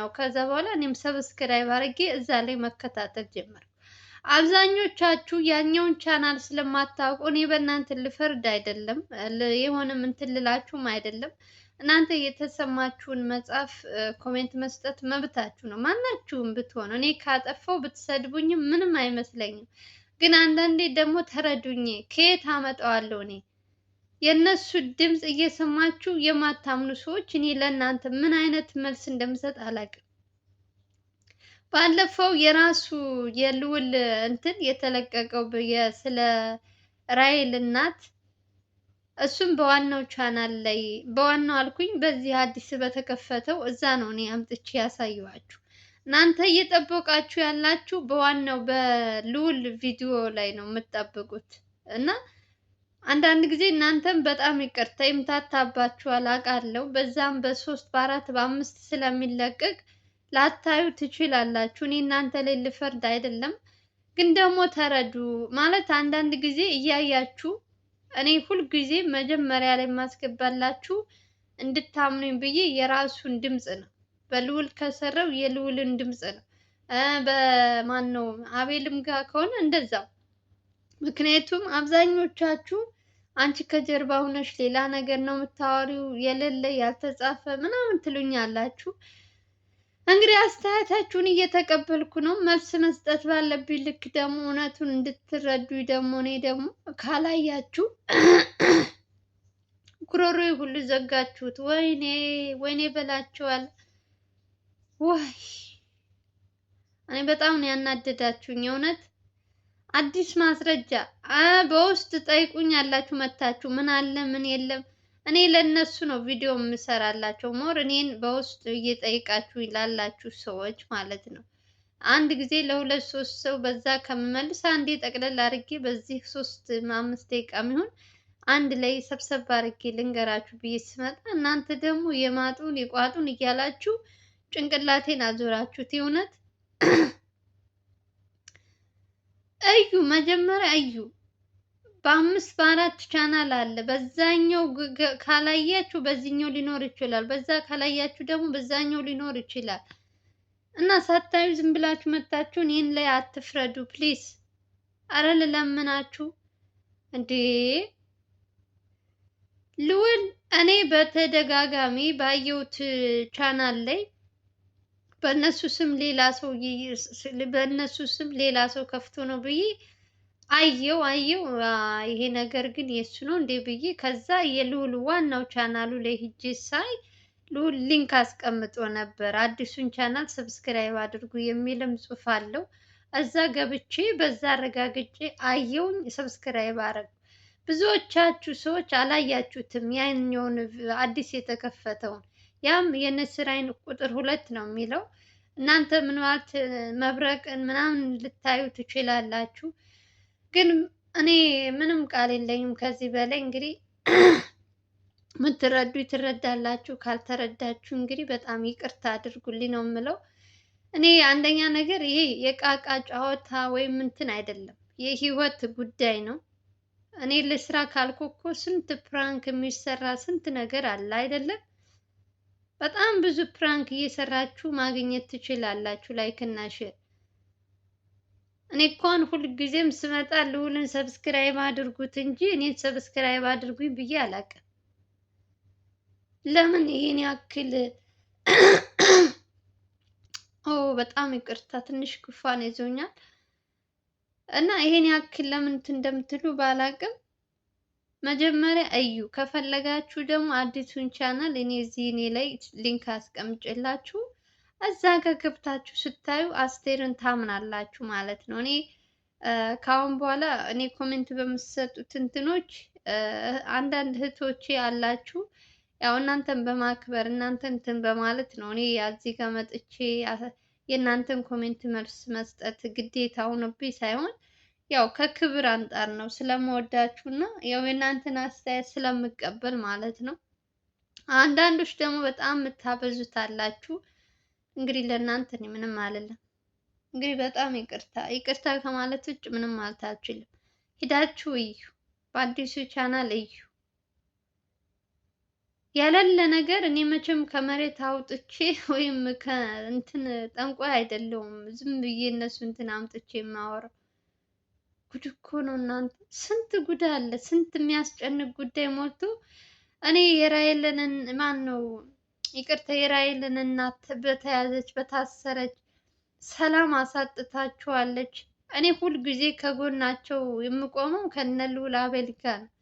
ነው። ከዛ በኋላ እኔም ሰብስክራይብ አድርጌ እዛ ላይ መከታተል ጀመርኩ። አብዛኞቻችሁ ያኛውን ቻናል ስለማታውቁ እኔ በእናንተ ልፈርድ አይደለም፣ የሆነም እንትን ልላችሁም አይደለም። እናንተ የተሰማችሁን መጻፍ፣ ኮሜንት መስጠት መብታችሁ ነው። ማናችሁም ብትሆኑ እኔ ካጠፋው ብትሰድቡኝም ምንም አይመስለኝም። ግን አንዳንዴ ደግሞ ተረዱኝ። ከየት አመጣዋለሁ እኔ የእነሱ ድምፅ እየሰማችሁ የማታምኑ ሰዎች እኔ ለእናንተ ምን አይነት መልስ እንደምሰጥ አላውቅም። ባለፈው የራሱ የልውል እንትን የተለቀቀው ስለ ራይል እናት እሱም በዋናው ቻናል ላይ በዋናው አልኩኝ፣ በዚህ አዲስ በተከፈተው እዛ ነው እኔ አምጥቼ ያሳየኋችሁ። እናንተ እየጠበቃችሁ ያላችሁ በዋናው በልውል ቪዲዮ ላይ ነው የምትጠብቁት እና አንዳንድ ጊዜ እናንተም በጣም ይቅርታ ይምታታባችኋል አውቃለሁ። በዛም በሶስት በአራት በአምስት ስለሚለቀቅ ላታዩ ትችላላችሁ። እኔ እናንተ ላይ ልፈርድ አይደለም፣ ግን ደግሞ ተረዱ ማለት አንዳንድ ጊዜ እያያችሁ እኔ ሁልጊዜ መጀመሪያ ላይ የማስገባላችሁ እንድታምኑኝ ብዬ የራሱን ድምፅ ነው። በልውል ከሰራው የልውልን ድምፅ ነው። በማን ነው አቤልም ጋር ከሆነ እንደዛው ምክንያቱም አብዛኞቻችሁ አንቺ ከጀርባ ሁነሽ ሌላ ነገር ነው የምታወሪው፣ የሌለ ያልተጻፈ ምናምን ትሉኛላችሁ። እንግዲህ አስተያየታችሁን እየተቀበልኩ ነው። መልስ መስጠት ባለብኝ ልክ ደግሞ እውነቱን እንድትረዱ ደግሞ እኔ ደግሞ ካላያችሁ ጉሮሮ ሁሉ ዘጋችሁት። ወይኔ ወይኔ በላችኋል። ወይ እኔ በጣም ነው ያናደዳችሁኝ እውነት አዲስ ማስረጃ በውስጥ ጠይቁኝ ያላችሁ መታችሁ ምን አለ ምን የለም። እኔ ለነሱ ነው ቪዲዮ የምሰራላቸው። ሞር እኔን በውስጥ እየጠይቃችሁ ላላችሁ ሰዎች ማለት ነው። አንድ ጊዜ ለሁለት ሶስት ሰው በዛ ከምመልስ አንዴ ጠቅለል አድርጌ በዚህ ሶስት አምስት ደቂቃ የሚሆን አንድ ላይ ሰብሰብ አድርጌ ልንገራችሁ ብዬ ስመጣ እናንተ ደግሞ የማጡን የቋጡን እያላችሁ ጭንቅላቴን አዞራችሁት የእውነት እዩ መጀመሪያ እዩ። በአምስት በአራት ቻናል አለ። በዛኛው ካላያችሁ በዚህኛው ሊኖር ይችላል። በዛ ካላያችሁ ደግሞ በዛኛው ሊኖር ይችላል። እና ሳታዩ ዝም ብላችሁ መታችሁን ይህን ላይ አትፍረዱ ፕሊስ አረ ልለምናችሁ እንዴ ልውል። እኔ በተደጋጋሚ ባየሁት ቻናል ላይ በእነሱ ስም ሌላ ሰው በእነሱ ስም ሌላ ሰው ከፍቶ ነው ብዬ አየው አየው ይሄ ነገር ግን የሱ ነው እንዴ ብዬ ከዛ የልውል ዋናው ቻናሉ ላይ ሂጄ ሳይ ልውል ሊንክ አስቀምጦ ነበር። አዲሱን ቻናል ሰብስክራይብ አድርጉ የሚልም ጽሑፍ አለው። እዛ ገብቼ በዛ አረጋግጬ አየውኝ፣ ሰብስክራይብ አረግ ብዙዎቻችሁ ሰዎች አላያችሁትም ያኛውን አዲስ የተከፈተውን ያም የንስራይን ቁጥር ሁለት ነው የሚለው። እናንተ ምናልባት መብረቅን ምናምን ልታዩ ትችላላችሁ፣ ግን እኔ ምንም ቃል የለኝም ከዚህ በላይ እንግዲህ ምትረዱ ትረዳላችሁ። ካልተረዳችሁ እንግዲህ በጣም ይቅርታ አድርጉልኝ ነው የምለው። እኔ አንደኛ ነገር ይሄ የቃቃ ጨዋታ ወይም ምንትን አይደለም፣ የህይወት ጉዳይ ነው። እኔ ልስራ ካልኩ እኮ ስንት ፕራንክ የሚሰራ ስንት ነገር አለ አይደለም በጣም ብዙ ፕራንክ እየሰራችሁ ማግኘት ትችላላችሁ። ላይክ እና ሼር። እኔ እንኳን ሁልጊዜም ስመጣ ልውልን ሰብስክራይብ አድርጉት እንጂ እኔን ሰብስክራይብ አድርጉኝ ብዬ አላቅም ለምን ይሄን ያክል? ኦ በጣም ይቅርታ ትንሽ ጉንፋን ይዞኛል እና ይሄን ያክል ለምን እንደምትሉ ባላቅም? መጀመሪያ እዩ። ከፈለጋችሁ ደግሞ አዲሱን ቻናል እኔ እዚህ እኔ ላይ ሊንክ አስቀምጭላችሁ እዛ ጋር ገብታችሁ ስታዩ አስቴርን ታምናላችሁ ማለት ነው። እኔ ከአሁን በኋላ እኔ ኮሜንት በምሰጡት እንትኖች አንዳንድ እህቶቼ አላችሁ ያው እናንተን በማክበር እናንተን እንትን በማለት ነው እኔ እዚህ ጋር መጥቼ የእናንተን ኮሜንት መልስ መስጠት ግዴታ ሆኖብኝ ሳይሆን ያው ከክብር አንጻር ነው ስለመወዳችሁ እና ያው የእናንተን አስተያየት ስለምቀበል ማለት ነው። አንዳንዶች ደግሞ በጣም የምታበዙት አላችሁ። እንግዲህ ለእናንተ እኔ ምንም አልልም። እንግዲህ በጣም ይቅርታ ይቅርታ ከማለት ውጭ ምንም ማለት አልችልም። ሂዳችሁ እዩ፣ በአዲሱ ቻናል እዩ። ያለለ ነገር እኔ መቼም ከመሬት አውጥቼ ወይም ከእንትን ጠንቋይ አይደለሁም። ዝም ብዬ እነሱ እንትን አምጥቼ የማወራው ጉድ እኮ ነው እናንተ። ስንት ጉድ አለ፣ ስንት የሚያስጨንቅ ጉዳይ ሞልቶ እኔ የራሔልን ማን ነው ይቅርታ፣ የራይልን እናት በተያዘች በታሰረች ሰላም አሳጥታችኋለች። እኔ ሁል ጊዜ ከጎናቸው የምቆመው ከነ ልዑል አቤል ጋር ነው።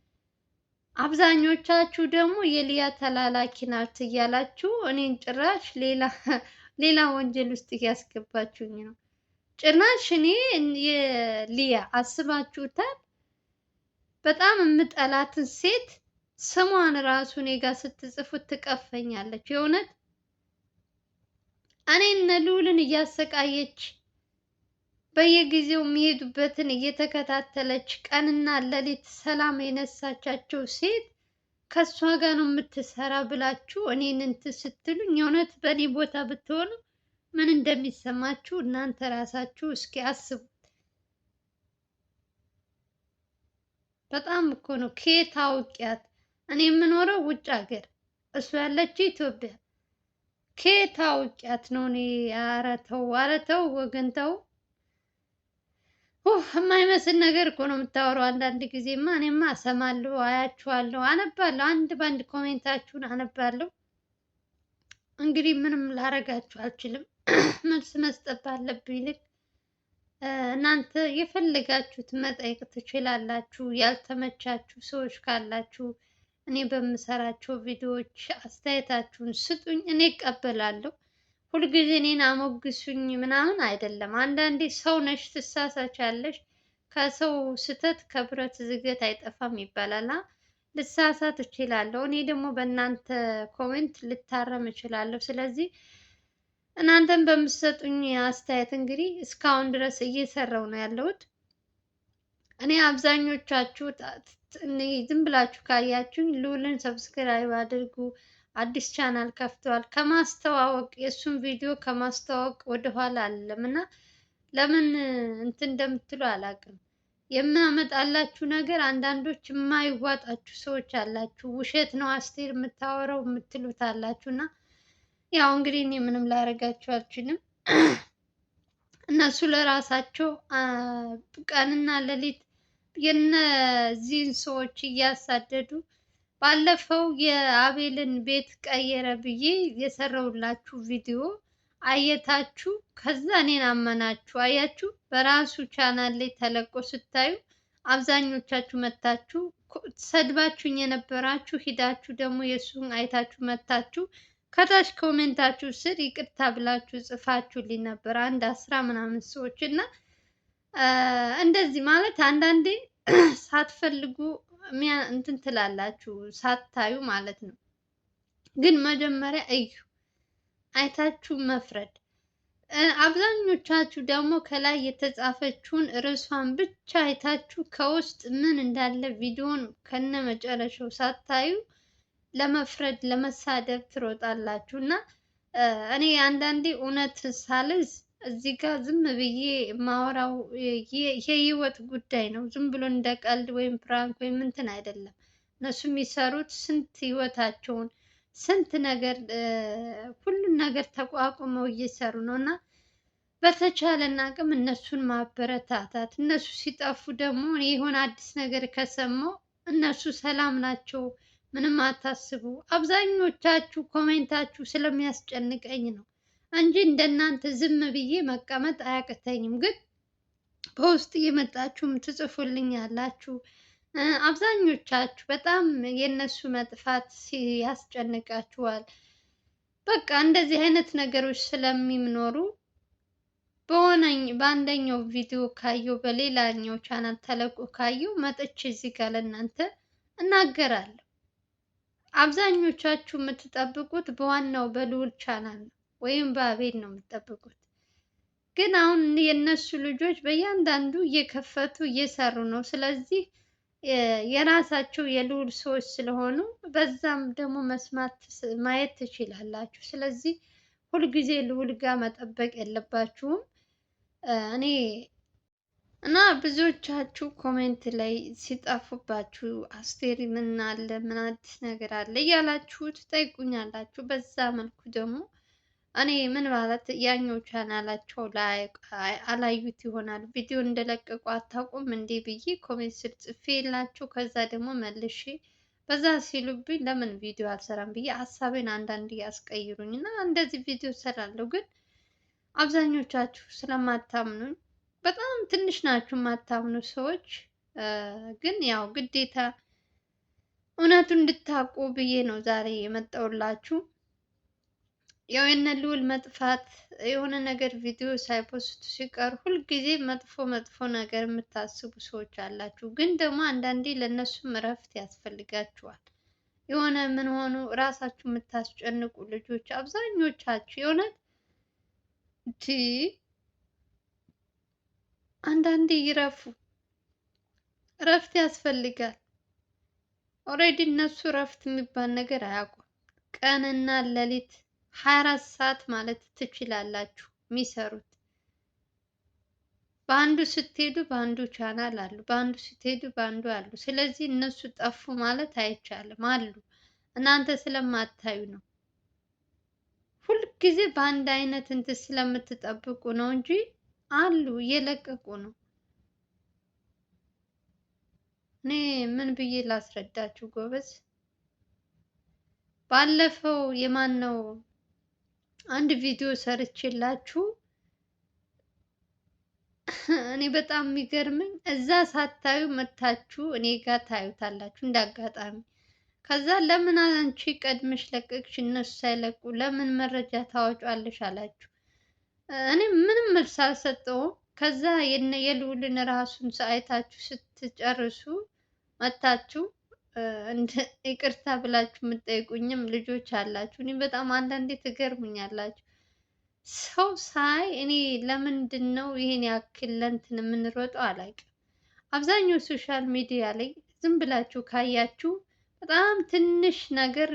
አብዛኞቻችሁ ደግሞ የሊያ ተላላኪ ናት እያላችሁ እኔን ጭራሽ ሌላ ሌላ ወንጀል ውስጥ እያስገባችሁኝ ነው። ጭራሽ እኔ የሊያ አስባችሁታል? በጣም የምጠላትን ሴት ስሟን ራሱ እኔ ጋር ስትጽፉት ትቀፈኛለች። የእውነት እኔ እነ ልዑልን እያሰቃየች በየጊዜው የሚሄዱበትን እየተከታተለች ቀንና ሌሊት ሰላም የነሳቻቸው ሴት ከእሷ ጋር ነው የምትሰራ ብላችሁ እኔን እንትን ስትሉኝ የእውነት በእኔ ቦታ ብትሆኑ ምን እንደሚሰማችሁ እናንተ ራሳችሁ እስኪ አስቡት። በጣም እኮ ነው። ከየት አውቂያት? እኔ የምኖረው ውጭ ሀገር፣ እሱ ያለችው ኢትዮጵያ። ከየት አውቂያት ነው? እኔ ኧረ ተው፣ ኧረ ተው ወገን ተው። የማይመስል ነገር እኮ ነው የምታወራው። አንዳንድ ጊዜማ እኔማ እሰማለሁ፣ አያችኋለሁ፣ አነባለሁ። አንድ በአንድ ኮሜንታችሁን አነባለሁ። እንግዲህ ምንም ላረጋችሁ አልችልም። መልስ መስጠት ባለብኝ ልክ እናንተ የፈለጋችሁት መጠየቅ ትችላላችሁ። ያልተመቻችሁ ሰዎች ካላችሁ እኔ በምሰራቸው ቪዲዮዎች አስተያየታችሁን ስጡኝ፣ እኔ እቀበላለሁ። ሁልጊዜ እኔን አሞግሱኝ ምናምን አይደለም። አንዳንዴ ሰው ነሽ፣ ትሳሳቻለሽ። ከሰው ስህተት ከብረት ዝገት አይጠፋም ይባላል። ልሳሳት እችላለሁ። እኔ ደግሞ በእናንተ ኮሜንት ልታረም እችላለሁ። ስለዚህ እናንተም በምትሰጡኝ አስተያየት እንግዲህ እስካሁን ድረስ እየሰራው ነው ያለሁት። እኔ አብዛኞቻችሁ ዝም ብላችሁ ካያችሁኝ ልዑልን ሰብስክራይብ አድርጉ። አዲስ ቻናል ከፍተዋል። ከማስተዋወቅ የእሱን ቪዲዮ ከማስተዋወቅ ወደኋላ አለም እና ለምን እንትን እንደምትሉ አላውቅም። የማመጣላችሁ ነገር አንዳንዶች የማይዋጣችሁ ሰዎች አላችሁ። ውሸት ነው አስቴር የምታወራው የምትሉት አላችሁ እና ያው እንግዲህ እኔ ምንም ላደርጋችሁ አልችልም። እነሱ ለራሳቸው ቀንና ሌሊት የነዚህን ሰዎች እያሳደዱ ባለፈው የአቤልን ቤት ቀየረ ብዬ የሰራሁላችሁ ቪዲዮ አየታችሁ። ከዛ እኔን አመናችሁ። አያችሁ፣ በራሱ ቻናል ላይ ተለቆ ስታዩ አብዛኞቻችሁ መታችሁ ሰድባችሁኝ የነበራችሁ ሂዳችሁ ደግሞ የእሱን አይታችሁ መታችሁ ከታች ኮሜንታችሁ ስር ይቅርታ ብላችሁ ጽፋችሁልኝ ነበር አንድ አስራ ምናምን ሰዎች እና እንደዚህ ማለት አንዳንዴ ሳትፈልጉ እንትን ትላላችሁ ሳታዩ ማለት ነው። ግን መጀመሪያ እዩ፣ አይታችሁ መፍረድ። አብዛኞቻችሁ ደግሞ ከላይ የተጻፈችውን ርዕሷን ብቻ አይታችሁ ከውስጥ ምን እንዳለ ቪዲዮን ከነ መጨረሻው ሳታዩ ለመፍረድ ለመሳደብ ትሮጣላችሁ እና እኔ አንዳንዴ እውነት ሳልዝ እዚህ ጋር ዝም ብዬ ማወራው የህይወት ጉዳይ ነው። ዝም ብሎ እንደ ቀልድ ወይም ፕራንክ ወይም እንትን አይደለም። እነሱ የሚሰሩት ስንት ህይወታቸውን ስንት ነገር ሁሉን ነገር ተቋቁመው እየሰሩ ነው እና በተቻለን አቅም እነሱን ማበረታታት፣ እነሱ ሲጠፉ ደግሞ የሆነ አዲስ ነገር ከሰማው እነሱ ሰላም ናቸው ምንም አታስቡ። አብዛኞቻችሁ ኮሜንታችሁ ስለሚያስጨንቀኝ ነው እንጂ እንደናንተ ዝም ብዬ መቀመጥ አያቅተኝም። ግን በውስጥ እየመጣችሁም ትጽፉልኝ ያላችሁ አብዛኞቻችሁ በጣም የእነሱ መጥፋት ያስጨንቃችኋል። በቃ እንደዚህ አይነት ነገሮች ስለሚኖሩ በሆነኝ በአንደኛው ቪዲዮ ካየው በሌላኛው ቻናል ተለቆ ካየው መጥቼ እዚህ ጋር ለእናንተ እናገራለሁ። አብዛኞቻችሁ የምትጠብቁት በዋናው በልዑል ቻናል ነው ወይም በአቤል ነው የምትጠብቁት። ግን አሁን የእነሱ ልጆች በእያንዳንዱ እየከፈቱ እየሰሩ ነው። ስለዚህ የራሳቸው የልዑል ሰዎች ስለሆኑ በዛም ደግሞ መስማት ማየት ትችላላችሁ። ስለዚህ ሁልጊዜ ልዑል ጋር መጠበቅ የለባችሁም እኔ እና ብዙዎቻችሁ ኮሜንት ላይ ሲጠፉባችሁ አስቴር ምን አለ ምን አዲስ ነገር አለ እያላችሁ ትጠይቁኛላችሁ። በዛ መልኩ ደግሞ እኔ ምን ማለት ያኛው ቻናላቸው ላይ አላዩት ይሆናል ቪዲዮ እንደለቀቁ አታውቁም እንዴ ብዬ ኮሜንት ስር ጽፌ የላቸው ከዛ ደግሞ መልሼ በዛ ሲሉብኝ ለምን ቪዲዮ አልሰራም ብዬ ሀሳቤን አንዳንድ ያስቀይሩኝ እና እንደዚህ ቪዲዮ ሰራለሁ ግን አብዛኞቻችሁ ስለማታምኑኝ በጣም ትንሽ ናችሁ የማታምኑ ሰዎች። ግን ያው ግዴታ እውነቱን እንድታውቁ ብዬ ነው ዛሬ የመጣሁላችሁ። ያው የነ ልዑል መጥፋት የሆነ ነገር ቪዲዮ ሳይፖስቱ ሲቀር ሁልጊዜ መጥፎ መጥፎ ነገር የምታስቡ ሰዎች አላችሁ። ግን ደግሞ አንዳንዴ ለእነሱም እረፍት ያስፈልጋችኋል። የሆነ ምን ሆኑ ራሳችሁ የምታስጨንቁ ልጆች አብዛኞቻችሁ የእውነት አንዳንዴ ይረፉ። እረፍት ያስፈልጋል። ኦልሬዲ እነሱ እረፍት የሚባል ነገር አያውቁም። ቀንና ሌሊት ሀያ አራት ሰዓት ማለት ትችላላችሁ የሚሰሩት። በአንዱ ስትሄዱ በአንዱ ቻናል አሉ፣ በአንዱ ስትሄዱ በአንዱ አሉ። ስለዚህ እነሱ ጠፉ ማለት አይቻልም፣ አሉ። እናንተ ስለማታዩ ነው። ሁልጊዜ በአንድ አይነት እንትን ስለምትጠብቁ ነው እንጂ አሉ እየለቀቁ ነው። እኔ ምን ብዬ ላስረዳችሁ ጎበዝ። ባለፈው የማን ነው አንድ ቪዲዮ ሰርችላችሁ እኔ በጣም የሚገርመኝ እዛ ሳታዩ መታችሁ እኔ ጋር ታዩታላችሁ እንዳጋጣሚ። ከዛ ለምን አንቺ ቀድመሽ ለቀቅሽ እነሱ ሳይለቁ ለምን መረጃ ታወጫለሽ አላችሁ። እኔ ምንም መልስ አልሰጠውም። ከዛ የልዑልን ራሱን አይታችሁ ስትጨርሱ መታችሁ ይቅርታ ብላችሁ የምጠይቁኝም ልጆች አላችሁ። እኔ በጣም አንዳንዴ ትገርሙኛላችሁ። ሰው ሳይ እኔ ለምንድን ነው ይህን ያክል ለእንትን የምንሮጠው አላውቅም። አብዛኛው ሶሻል ሚዲያ ላይ ዝም ብላችሁ ካያችሁ በጣም ትንሽ ነገር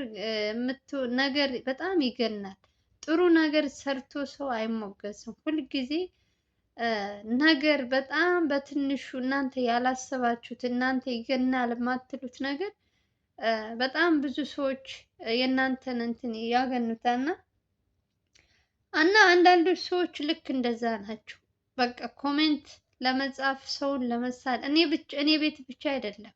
ነገር በጣም ይገናል። ጥሩ ነገር ሰርቶ ሰው አይሞገስም። ሁልጊዜ ነገር በጣም በትንሹ እናንተ ያላሰባችሁት እናንተ ይገናል የማትሉት ነገር በጣም ብዙ ሰዎች የእናንተን እንትን ያገኑታል እና እና አንዳንዶች ሰዎች ልክ እንደዛ ናቸው። በቃ ኮሜንት ለመጻፍ ሰውን ለመሳል እኔ ብቻ እኔ ቤት ብቻ አይደለም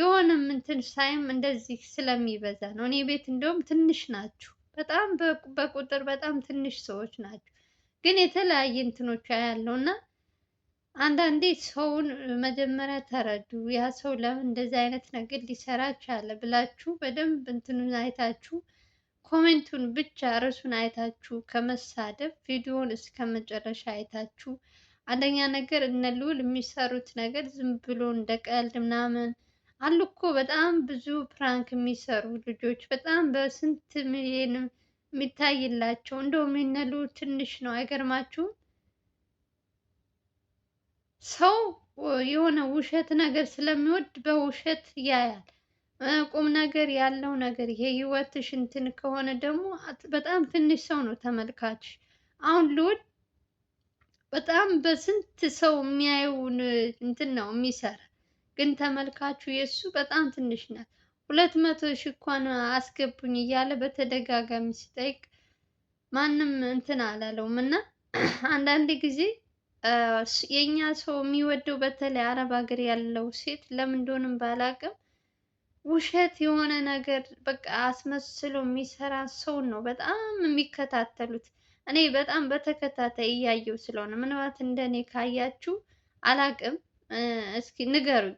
የሆነም እንትን ሳይም እንደዚህ ስለሚበዛ ነው። እኔ ቤት እንደውም ትንሽ ናችሁ በጣም በቁጥር በጣም ትንሽ ሰዎች ናቸው። ግን የተለያየ እንትኖች ያለው እና አንዳንዴ ሰውን መጀመሪያ ተረዱ። ያ ሰው ለምን እንደዚህ አይነት ነገር ሊሰራ ቻለ ብላችሁ በደንብ እንትኑን አይታችሁ ኮሜንቱን ብቻ ርዕሱን አይታችሁ ከመሳደብ ቪዲዮውን እስከ መጨረሻ አይታችሁ አንደኛ ነገር እነ ልውል የሚሰሩት ነገር ዝም ብሎ እንደ ቀልድ ምናምን አሉ እኮ በጣም ብዙ ፕራንክ የሚሰሩ ልጆች በጣም በስንት ሚሊዮን የሚታይላቸው እንደው የሚነሉ ትንሽ ነው። አይገርማችሁም? ሰው የሆነ ውሸት ነገር ስለሚወድ በውሸት ያያል። ቁም ነገር ያለው ነገር የህይወት ህይወትሽ እንትን ከሆነ ደግሞ በጣም ትንሽ ሰው ነው ተመልካች። አሁን ልውድ በጣም በስንት ሰው የሚያየውን እንትን ነው የሚሰራ ግን ተመልካቹ የእሱ በጣም ትንሽ ናት። ሁለት መቶ ሺህ እንኳን አስገቡኝ እያለ በተደጋጋሚ ሲጠይቅ ማንም እንትን አላለውም እና አንዳንድ ጊዜ የእኛ ሰው የሚወደው በተለይ አረብ ሀገር ያለው ሴት ለምን ባላቅም ውሸት የሆነ ነገር በቃ አስመስሎ የሚሰራ ሰው ነው በጣም የሚከታተሉት። እኔ በጣም በተከታታይ እያየው ስለሆነ ምናልባት እንደኔ ካያችሁ አላቅም እስኪ ንገሩኝ።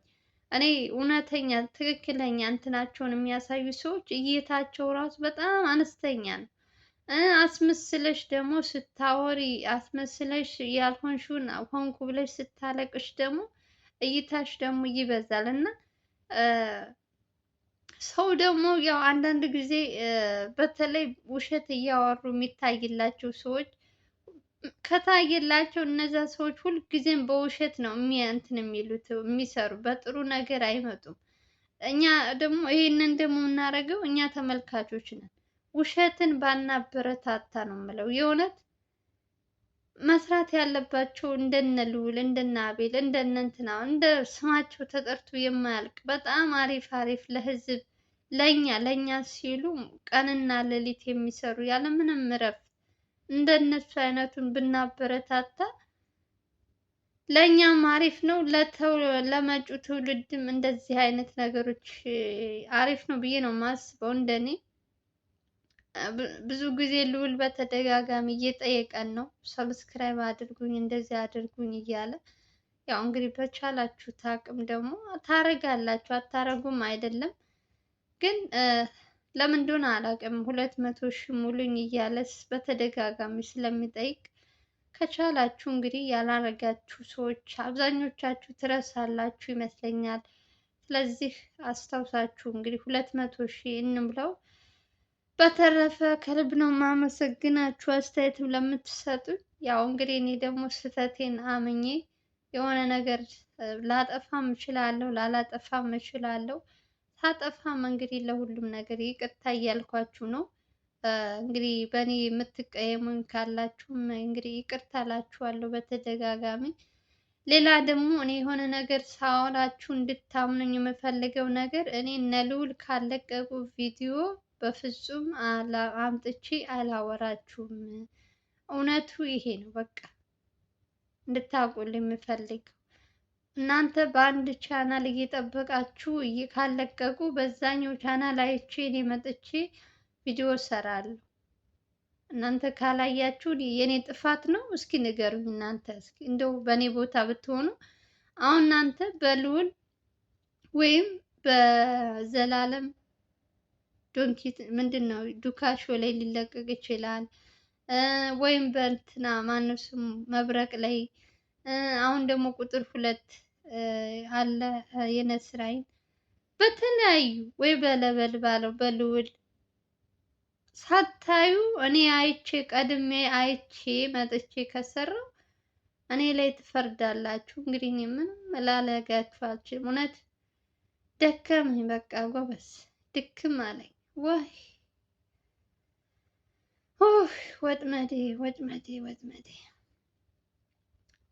እኔ እውነተኛ ትክክለኛ እንትናቸውን የሚያሳዩ ሰዎች እይታቸው ራሱ በጣም አነስተኛ ነው። አስመስለሽ ደግሞ ስታወሪ አስመስለሽ ያልሆንሽውን ሆንኩ ብለሽ ስታለቅሽ ደግሞ እይታሽ ደግሞ ይበዛል እና ሰው ደግሞ ያው አንዳንድ ጊዜ በተለይ ውሸት እያወሩ የሚታይላቸው ሰዎች ከታየላቸው እነዛ ሰዎች ሁልጊዜም በውሸት ነው እንትን የሚሉት የሚሰሩ፣ በጥሩ ነገር አይመጡም። እኛ ደግሞ ይህንን ደግሞ የምናደርገው እኛ ተመልካቾች ነን። ውሸትን ባናበረታታ ነው የምለው። የእውነት መስራት ያለባቸው እንደነ ልውል እንደነ አቤል፣ እንደነ እንትና እንደ ስማቸው ተጠርቶ የማያልቅ በጣም አሪፍ አሪፍ ለህዝብ ለእኛ ለእኛ ሲሉ ቀንና ሌሊት የሚሰሩ ያለምንም እረፍት እንደነሱ አይነቱን ብናበረታታ ለእኛም አሪፍ ነው፣ ለመጪው ትውልድም እንደዚህ አይነት ነገሮች አሪፍ ነው ብዬ ነው የማስበው። እንደኔ ብዙ ጊዜ ልውል በተደጋጋሚ እየጠየቀን ነው፣ ሰብስክራይብ አድርጉኝ፣ እንደዚህ አድርጉኝ እያለ ያው እንግዲህ በቻላችሁ አቅም ደግሞ ታረጋላችሁ፣ አታረጉም አይደለም ግን ለምን እንደሆነ አላውቅም። ሁለት መቶ ሺህ ሙሉኝ እያለስ በተደጋጋሚ ስለሚጠይቅ ከቻላችሁ እንግዲህ ያላረጋችሁ ሰዎች አብዛኞቻችሁ ትረሳላችሁ ይመስለኛል። ስለዚህ አስታውሳችሁ እንግዲህ ሁለት መቶ ሺህ እንብለው። በተረፈ ከልብ ነው ማመሰግናችሁ አስተያየትም ለምትሰጡኝ። ያው እንግዲህ እኔ ደግሞ ስህተቴን አምኜ የሆነ ነገር ላጠፋም እችላለሁ ላላጠፋም እችላለሁ። ታጠፋም እንግዲህ ለሁሉም ነገር ይቅርታ እያልኳችሁ ነው። እንግዲህ በእኔ የምትቀየሙኝ ካላችሁም እንግዲህ ይቅርታ እላችኋለሁ በተደጋጋሚ። ሌላ ደግሞ እኔ የሆነ ነገር ሳወራችሁ እንድታምኑኝ የምፈልገው ነገር እኔ እነ ልዑል ካለቀቁ ቪዲዮ በፍጹም አምጥቼ አላወራችሁም። እውነቱ ይሄ ነው። በቃ እንድታውቁልኝ የምፈልገው እናንተ በአንድ ቻናል እየጠበቃችሁ ካለቀቁ በዛኛው ቻናል አይቼ እኔ መጥቼ ቪዲዮ እሰራለሁ። እናንተ ካላያችሁ የእኔ ጥፋት ነው? እስኪ ንገሩኝ። እናንተ እስኪ እንደው በእኔ ቦታ ብትሆኑ አሁን እናንተ በልውል ወይም በዘላለም ዶንኪ ምንድን ነው ዱካሾ ላይ ሊለቀቅ ይችላል። ወይም በእንትና ማነው ስሙ መብረቅ ላይ አሁን ደግሞ ቁጥር ሁለት አለ የነስራይን በተለያዩ ወይ በለበል ባለው በልውል ሳታዩ እኔ አይቼ ቀድሜ አይቼ መጥቼ ከሰራው እኔ ላይ ትፈርዳላችሁ። እንግዲህ እኔ ምንም ላለጋችሁ አልችልም። እውነት ደከመኝ፣ በቃ ጎበስ ድክም አለኝ። ወይ ወጥመዴ ወጥመዴ ወጥመዴ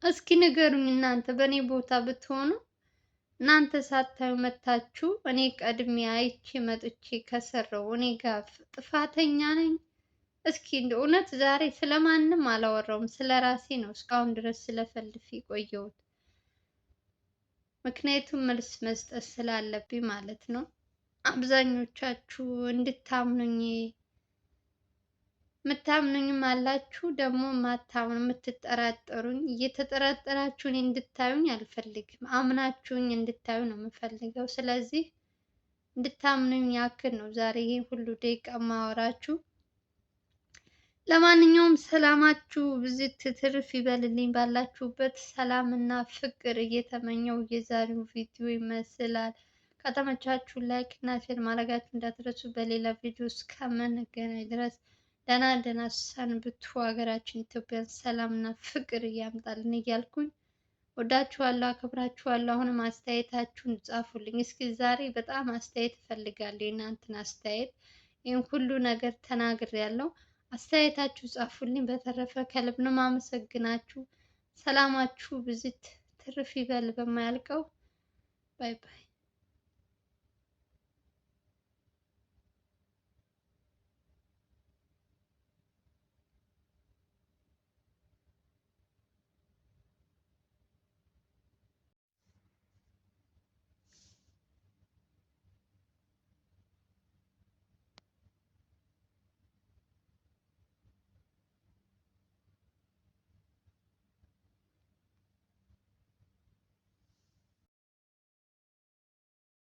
እስኪ ንገሩኝ እናንተ በእኔ ቦታ ብትሆኑ እናንተ ሳታዩ መታችሁ እኔ ቀድሜ አይቼ መጥቼ ከሰራው እኔ ጋር ጥፋተኛ ነኝ? እስኪ እንደ እውነት ዛሬ ስለማንም አላወራውም፣ ስለ ራሴ ነው እስካሁን ድረስ ስለፈልፍ የቆየሁት። ምክንያቱም መልስ መስጠት ስላለብኝ ማለት ነው። አብዛኞቻችሁ እንድታምኑኝ የምታምኑኝም አላችሁ ደግሞ ማታምኑ የምትጠራጠሩኝ፣ እየተጠራጠራችሁኝ እንድታዩኝ አልፈልግም። አምናችሁኝ እንድታዩ ነው የምፈልገው። ስለዚህ እንድታምኑኝ ያክል ነው ዛሬ ይሄ ሁሉ ደቂቃ ማወራችሁ። ለማንኛውም ሰላማችሁ ብዙ ትትርፍ ይበልልኝ። ባላችሁበት ሰላምና ፍቅር እየተመኘው የዛሬው ቪዲዮ ይመስላል። ከተመቻችሁ ላይክ እና ሼር ማድረጋችሁ እንዳትረሱ። በሌላ ቪዲዮ እስከምንገናኝ ድረስ ደህና ደህና ሰንብቱ። ሀገራችን ኢትዮጵያን ሰላምና ፍቅር እያምጣልን እያልኩኝ ወዳችኋለሁ፣ አከብራችኋለሁ። አሁንም አስተያየታችሁን ጻፉልኝ። እስኪ ዛሬ በጣም አስተያየት እፈልጋለሁ፣ የእናንተን አስተያየት። ይህን ሁሉ ነገር ተናግሬያለሁ። አስተያየታችሁ ጻፉልኝ። በተረፈ ከልብ ነው የማመሰግናችሁ። ሰላማችሁ ብዝት ትርፍ ይበል በማያልቀው። ባይ ባይ።